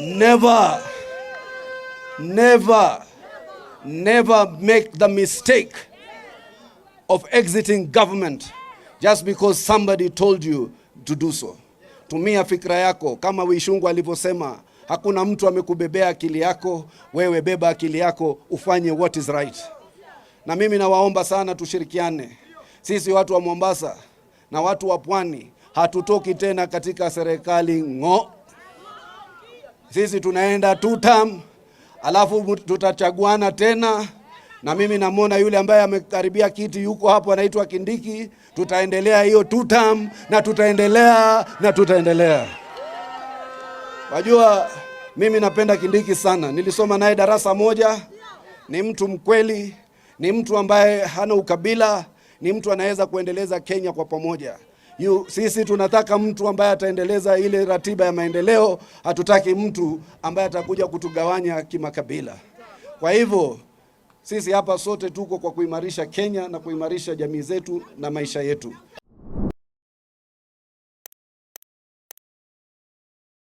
Never, never, never make the mistake of exiting government just because somebody told you to do so. Tumia fikra yako kama Wishungu alivyosema, hakuna mtu amekubebea akili yako. Wewe beba akili yako ufanye what is right. Na mimi nawaomba sana tushirikiane sisi watu wa Mombasa na watu wa Pwani, hatutoki tena katika serikali ng'o sisi tunaenda tutam, alafu tutachaguana tena, na mimi namwona yule ambaye amekaribia kiti yuko hapo, anaitwa Kindiki. Tutaendelea hiyo tutam na tutaendelea na tutaendelea. Wajua, mimi napenda Kindiki sana, nilisoma naye darasa moja. Ni mtu mkweli, ni mtu ambaye hana ukabila, ni mtu anaweza kuendeleza Kenya kwa pamoja. You, sisi tunataka mtu ambaye ataendeleza ile ratiba ya maendeleo. Hatutaki mtu ambaye atakuja kutugawanya kimakabila. Kwa hivyo sisi hapa sote tuko kwa kuimarisha Kenya na kuimarisha jamii zetu na maisha yetu.